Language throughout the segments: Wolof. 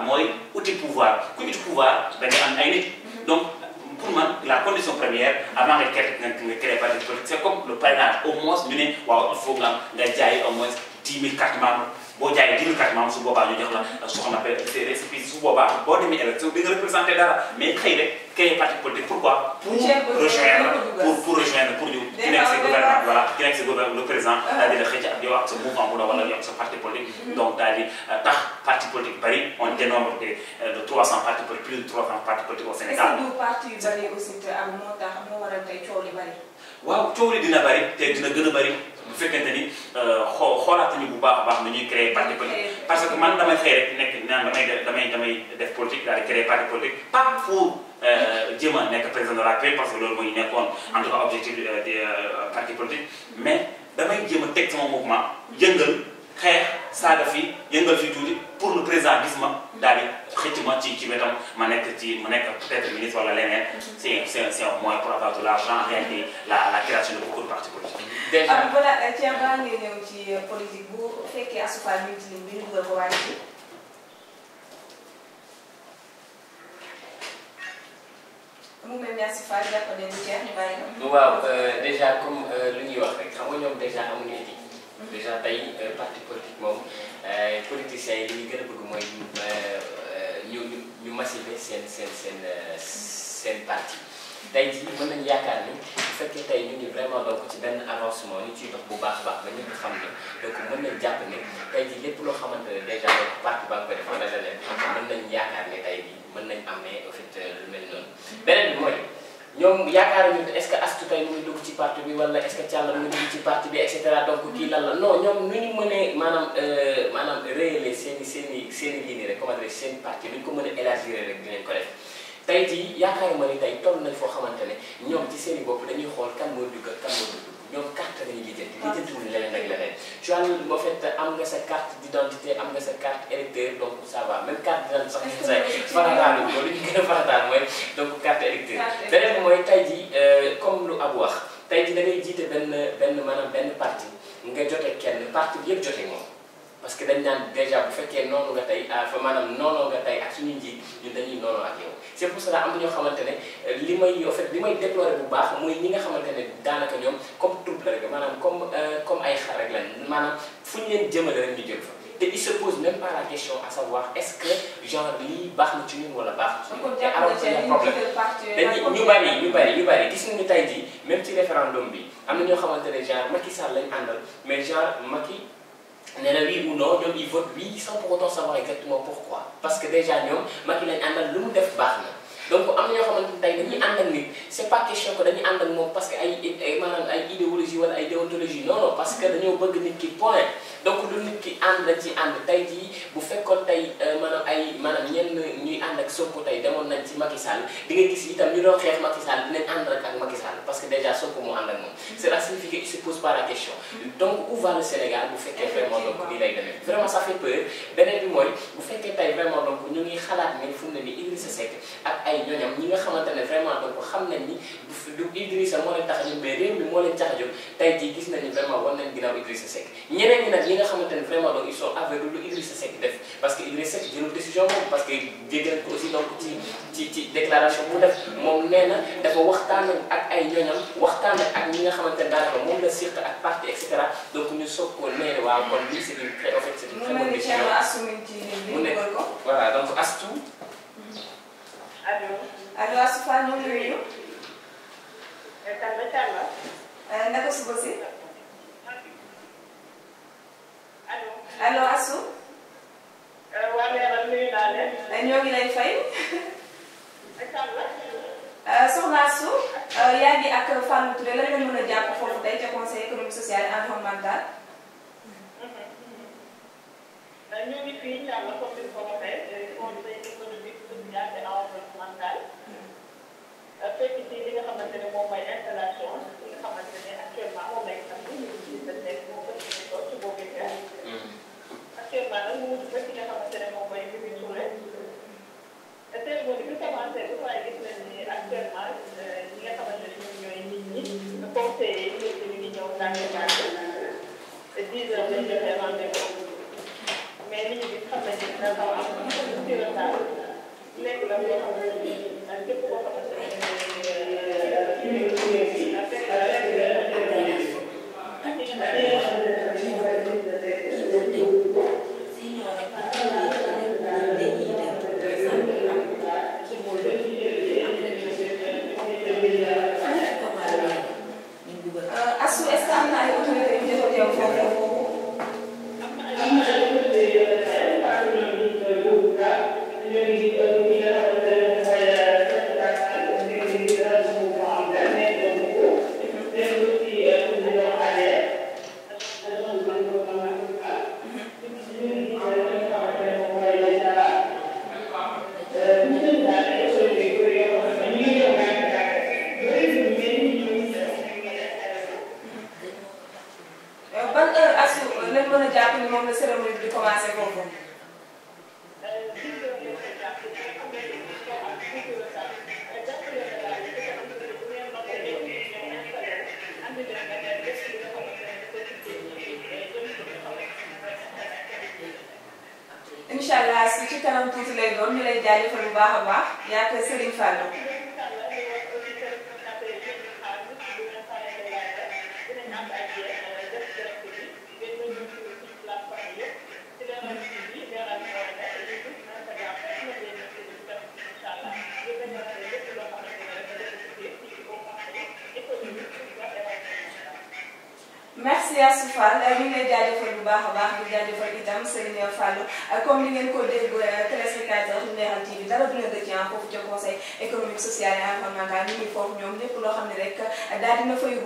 pouvoir mooy outil pouvoir ku outil pouvoir da ngay am ay nit mhm. donc pour man la condition première avant nga créer nga créer parti politique c'est comme le pa au moins ñu ne waaw il faut nga nga jaay au moins dix mille cartes membres boo jaayee jënd carte membre su boobaa ñu jox la soxna récépissé su boobaa boo demee élection bi nga représenté dara mais xëy rek créer parti politique pourquoi pour rejoindre pour pour rejoindre pour ñu ki nekk si gouvernement voilà ki nekk si gouvernement le président ah. daal di la xëcc ak yow ak sa mouvement bu la wala yow ak sa parti politique mm-hmm. donc daal di euh, tax parti politique bari on mm-hmm. dénombre euh, de de 300 partis politiques plus de 300 partis politiques au Sénégal. est-ce que parti yu bari aussi te am moo tax moo waral tey coow li bari. waaw coow li dina bari te dina gën a bari. fekkente ni euh, xoo bu baax a baax nu ñuy créer parti parce que man damay xëy rek nekk naan damay damay damay def politique daal di créer parti politique pas pour euh, jéem a nekk président de la République parce que loolu mooy nekkoon en tout cas objectif euh, des partis mais damay jéem a teg sama mouvement yëngal sa saaga fii yëngal fii tuuti pour le président gis ma daal di xëcc ma ci ci wetam ma nekk ci ma nekk peut-être ministre wala leneen. c'est c'est c'est un moyen pour avoir de l'argent en la la création de beaucoup de partis politiques. déjà kon balaa Thiel balaa ngay ñëw ci euh, politique bu fekkee asufal ñu ci ligne bi ñu dugal ko waa ci. mu mel ni asufal jàpp nañu Thiel ñu bàyyi ko. waaw euh, comme euh, lu ñuy wax rek xam nga ñoom déjà amuñu déjà tey euh, parti politique moom euh, politiciens yi li ñu gën a bëgg mooy euh, ñu ñu ñu massifier seen seen seen seen parti tey jii mën nañu yaakaar ni bu fekkee tey ñu ngi vraiment donc ci benn avancement ñu ci dox bu baax a baax ba ñëpp xam ne donc mën nañ jàpp ne tey jii lépp loo xamante ne déjà donc parti ba nga ko def wala leneen mën nañu yaakaar ne tey mën nañ am ne au fait lu mel noonu beneen mooy. ñoom yaakaar nañu est-ce que astu tey mu dugg ci parti bi wala est-ce que Thialla mu ngi dugg ci parti bi et cetera donc kii lan la non ñoom nu ñu maanaam euh, maanaam réélé seen i seen i seen i ligne rek comment dire seen parti nu ko mën a élargir rek dinañ ko def tey jii yaakaaruma ni tey toll nañ foo xamante ne ñoom ci seen i bopp dañuy xool kan moo dugg kan moo dugg. ñoom carte lañuy lijjanti lijjantiwul leneen ak leneen tu as en fait am nga sa carte d'identité am nga sa carte électeur donc ça va carte d'identité sax sa farataal ko li ñu gën a farataal mooy donc carte électeur beneen mooy tey jii euh, comme lu ab wax tey jii da jiite benn benn maanaam benn parti nga jote kenn parti bi yëpp jote moom parce que dañ naan déjà bu fekkee noonu nga tey ah fa maanaam tey ak suñu njiit ñun dañuy noonoo ak yow c'est pour cela am na ñoo xamante ne euh, li may en fait li may déplorer bu baax mooy ñi nga xamante ne daanaka ñoom comme trouble rek maanaam comme euh, comme ay xar rek lañ maanaam fu ñu leen jëmale rek ñu jëm fa te il se pose même pas la que genre lii baax na ci ñun wala baax na ci ñun problème dañu ñu bari ñu bari ñu bari gis nañu tey jii même ci référendum bi am na ñoo xamante ne genre Macky Sall lañ àndal mais genre Macky nee na oui ou non ñoom ils votent oui sans pour autant savoir exactement pourquoi parce que déjà ñoom Macky lañ mu def baax ànd ak nit c'est pas question que dañuy ànd ak moom parce que ay ay maanaam ay idéologie wala ay déontologie non non parce que dañoo bëgg nit ki point donc lu nit ki ànd ci ànd tey jii bu fekkoon tey euh, maanaam ay maanaam ñenn ñuy ànd ak Sonko tey demoon nañ ci Macky Sall di nga gis itam ñu doon xeex Macky Sall dinañ parce que déjà Sonko moo ànd ak moom. Mm-hmm. cela signifie que il se pose pas la mm-hmm. bi mooy bu fekkee tey vraiment donc xalaat ne fu mu ne nii Idrissa Seck ak ay ñi nga xamante ne vraiment donc xam nañ ni du Idrissa moo leen a jóg mais tey jii gis nañu vraiment war nañ ginnaaw Idrissa Seck ñeneen nag li nga xamante ne vraiment donc ils sont avec lu Idrissa Seck def parce que Idrissa Seck jëlul décision moom parce que dégg ko aussi donc ci ci déclaration bu def moom nee dafa waxtaan ak ay ñoñam waxtaan ak ñi nga xamante ne daanaka moom la siq ak parti et cetera donc ñu soog ko nee waaw kon lii c'est une très en fait c'est une très bonne décision mu ne voilà donc Astou. allo allo Astou Fall ñu ngi nuyu. Eh, eh, naka suba si. allo Asou. Euh, waa Leral nuyu naa leen. Euh, ñoo ngi lay fay. Euh, soxna Asou la ngeen mën a jàpp foofu tey ca conseil économique social et environnemental. ñu ngi fii incha allah comme ni ko waxee conseil économique social et environnemental. Hmm. fekk ci li nga xamante ne moom 10 heures lañ joxe rendez-vous mais nit ñi xam nañ ne dina xaw a am tuuti retard léegi la boo xamante ne ak képp koo xamante ne si ci kanam tuuti lay doon ñu lay jaajëfal bu baax a baax yaa ngi koy Siyasu Fall euh, ñu ngi lay bu baax a baax di jaajëfal itam Serigne Fallou euh, ni ngeen ko dégg euh, téléspectateur Leral TV dara du leen rëcc foofu ca conseil économique xam ne rek daal dina fay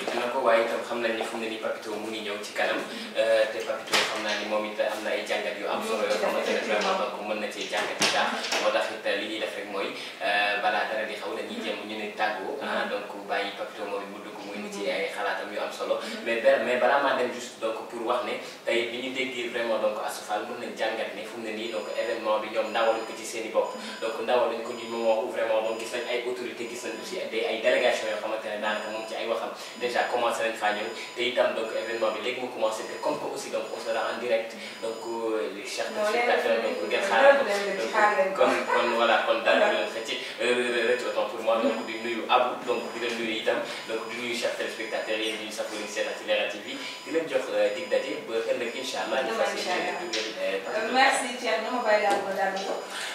dina ko waaye xam nañ ne fu mu nii Papito mu ngi ñëw ci kanam mm-hmm. te Papito xam naa ni moom it am na ay jàngat yu am solo yoo mm-hmm. xamante ne donc mën na cee jàngat yi daax moo tax it li ñuy def rek mooy euh, balaa dara di xaw na dañuy jéem ñu ne tàggoo mm-hmm. ah, donc bàyyi papito moom mu ci ay xalaatam yu am solo mm-hmm. mais mais balaa maa dem juste donc pour wax ne tey bi ñu déggee vraiment donc Astou Fall mën nañ ne fu ne nii donc événement bi ñoom ndawaluñ ko ci seen i bopp mm-hmm. donc ndawaluñ ko du ay autorités yoo xamante ne daanaka moom ci ay waxam déjà commencé nañ faa te itam donc événement bi léegi mu commencé comme que aussi donc on sera en direct donc euh, les chers spectateurs donc ngeen xaaral donc kon kon voilà kon nuyu chers téléspectateurs yéen ñuy safoo leen seetaan ci Leral TV di leen jox euh, dig daje ba ëllëg incha allah. Euh, euh, merci Thierno ma bàyyi daal ma daal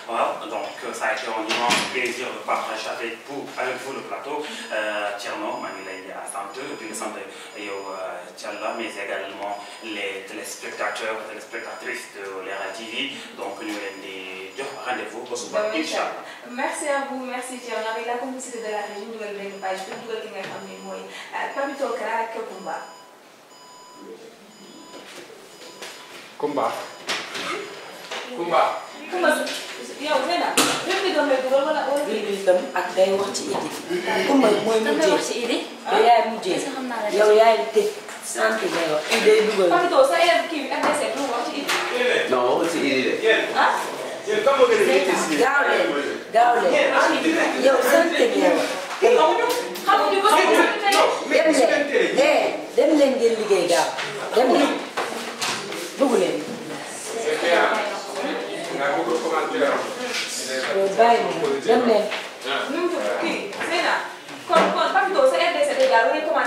Voilà, donc ça a été un immense plaisir de partager avec vous avec plateau Thierno maa ngi lay sant di la sant yow Thialla mais également les téléspectateurs téléspectatrices de Leral TV donc ñu leen yem foofu ba suba incha allah merci à vous merci Thierno avec la complicité de la région dugal benn page bi dugal ki nga xam ne mooy Papito Kara ak Kumba. Kumba. Kumba. Kumba yow nee na même bi doon lay dugal wala wala. dem ak day wax ci idi. Kumba mooy mujjee day wax ci idi. yow ah. yaay mujjee yow yaay tëj sant day wax. day dugal Papito sa élève kii bi RDC du wax ci idi. non waxul ci idi de. ah. gaaw leen gaaw leen yow sant ngeen dem leen ngeen liggéey gaaw dem leen dugg leen. yow bàyyi ma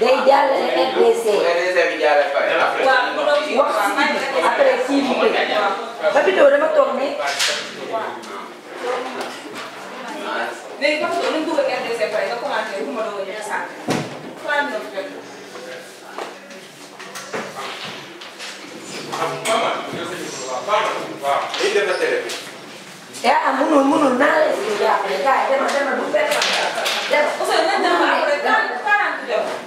day jàllale RDC. waaw wax si après si bi Papito dama toog ne. léegi Papito nañ dugg RDC pare nga commencé bu ma doon ñëw sànq. 3 minutes rek. ah munul munul naa leen si jàppale kaay dama dama du fekk dama.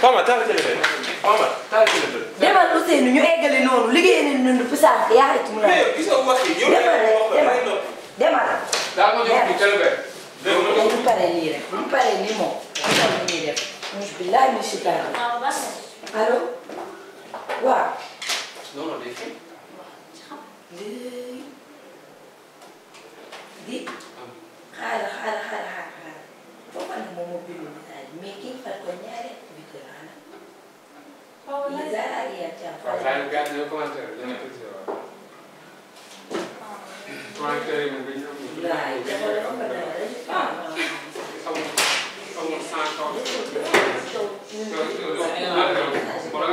Fama taal téléphone Fama taal téléphone. demal Ousseynou ñu eggale noonu liggéey nañu noonu pusaar bi yaa ngi mais gis nga wax yi demal daa ko jox bu téléphone. bu paree nii rek bu paree nii moom. moom ñuy si dara. allo. waaw. making for Konyare Vikurana. Wizara aliyachapa. Wazari gani yuko mantero? Jana kuziwa. Mantero mbinyo mbinyo. Lai, jana kuziwa.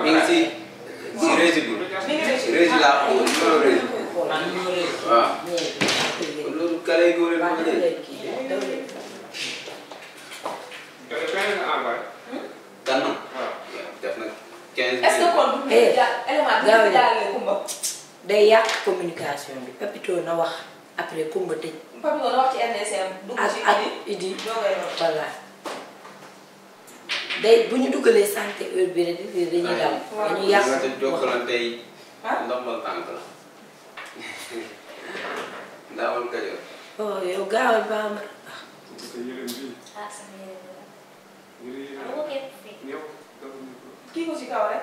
Minsi, si rezi bu. Rezi la ko, no rezi. Ah. Lolu kale gore mo de. Eh, day day yàq communication bi Papito na wax après Kumba tëj. Papito na wax ci NDCM. dugg ci ak Idi voilà day bu ñu dugalee santé heure bi rek dañuy daw. dañuy yàq ndombal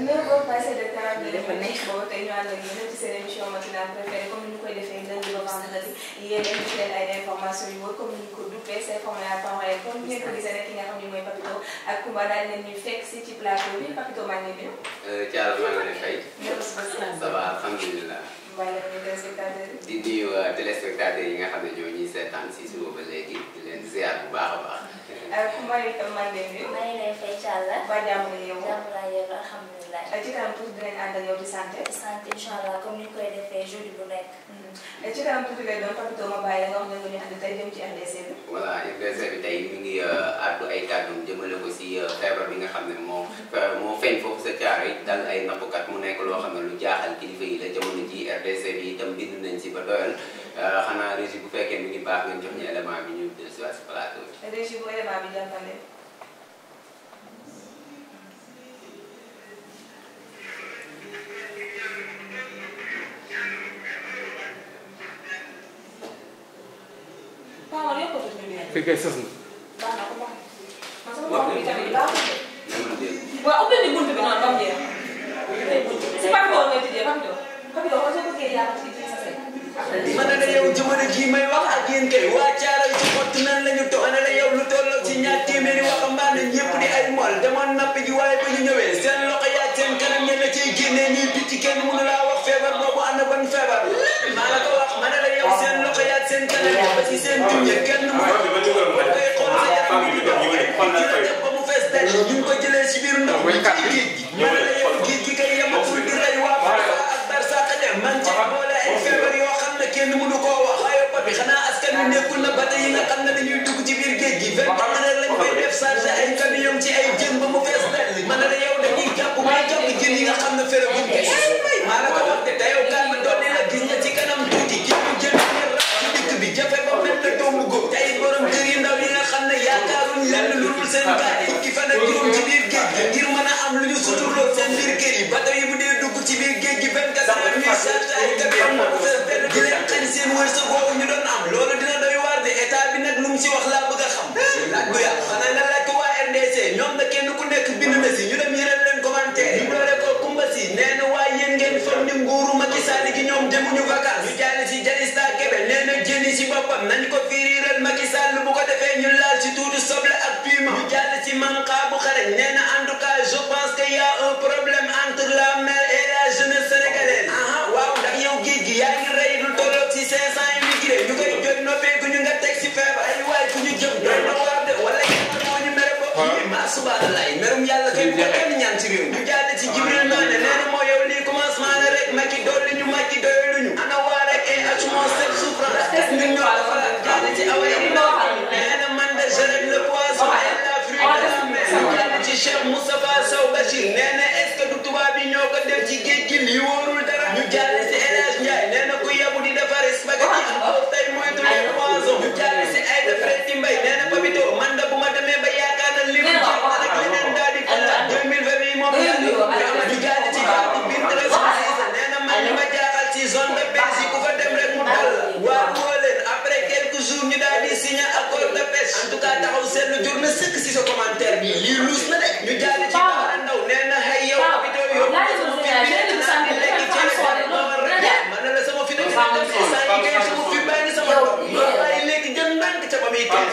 neuf heures passées de temps bi dafa nekk boobu tey ñu ànd ak yéen ci seen émission matinale préférée comme ni ñu koy defee yéen invité leen ay information yu wër comme ni ko duppee ces formes à temps réel comme ngeen ko gisee ki nga xam ne mooy Papito ak Coumba daal nañ ñu fekk si ci plateau bi Papito maa ngi lay nuyu. Thiara maa ngi lay fay. ça va alhamdulilah. wala ñu téléspectateur yi. di nuyu téléspectateur yi nga xam ne ñoo ñuy seetaan si suba ba léegi di leen ziar bu baax a baax. Coumba itam maa ngi lay nuyu. maa ngi lay fay Thiara. ba jàmm la yow. jàmm la yow alhamdulilah. ci kanam tuuti dinañ ànd ak yow di santé. santé incha allah comme ni ñu koy defee jeudi bu nekk. ci kanam tuuti lay doon Papito ma bàyyi la nga wax ne nga ñu tey jëm ci RDC bi. bi tey ngi àddu ay kàddu jëmale ko si bi nga xam ne moo moo mu nekk loo xam ne lu jaaxal kilifa yi la jamono ji RDC bind nañ si ba doyal xanaa régie bu fekkee mi ngi baax ngeen jox ñu élément bi ñu dellusiwaat si plateau bi. régie bu élément bi jàppale. kër ga sës na. waaw ubbi nañu buntu bi noonu ba mu jeex. si ban tool ngay tijjee ban tool. parce que soo na la yow jamono jii may wax ak yéen kay waa Caaroy ci xott nan la ñu toog na la yow lu tolloo ci ñaar téeméeri waxambaane ñëpp di ay mool demoon napp ji waaye ba ñu ñëwee seen loxo yaa seen kanam ñenn ciy génnee ñuy picc kenn mënu laa wax feebar boobu ana ban feebar. ma ne la yow seen loxo seen kanam ba ci seen tuñ ya kenn mu koy xool sa yaram bi def ba mu fees daj ñu ngi ko jëlee si biir ndox mi ci géej gi ma ne la yow géej gi kay yematul di rey waa dem man ci boole ay feebar yoo xam ne kenn mënu koo wax waaye bi xanaa askan wi nekkul na ba tey yi nga ci wax laa bëgg a xam. laaj ko yàqu na nga laaj ko waa RDC ñoom na kenn ku nekk bind na si ñu dem yeneen leen commentaire. ñu doole ko Kumba si nee na waa yéen ngeen fam ni nguuru Macky Sall gi ñoom demuñu vacances. ñu jàll si Jalista Kebe nee na jëli si boppam nañ ko firiiral Macky Sall bu ko defee ñu laal si tuuti soble ak piment. ñu jàll si Manka bu xarañ nee na subhanallah merum yàlla kay bu ko kenn ñaan ci réew ñu jaade ci jibril noone nee na moo yow lii commencement la rek makki doolli ñu makki doylu ñu ana waa rek ay eh, action seen souffrance est-ce que ñoo la faral jaade ci awa yow nee na man de je règle le poisson et la fruit de la mer jaade ci Cheikh Moustapha Sow Bachir nee na est-ce que du tubaab bi ñoo ko def ci géej gi li wóorul dara ñu jaade ci El di defar spaghetti ak tay moytu les poissons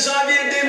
janvier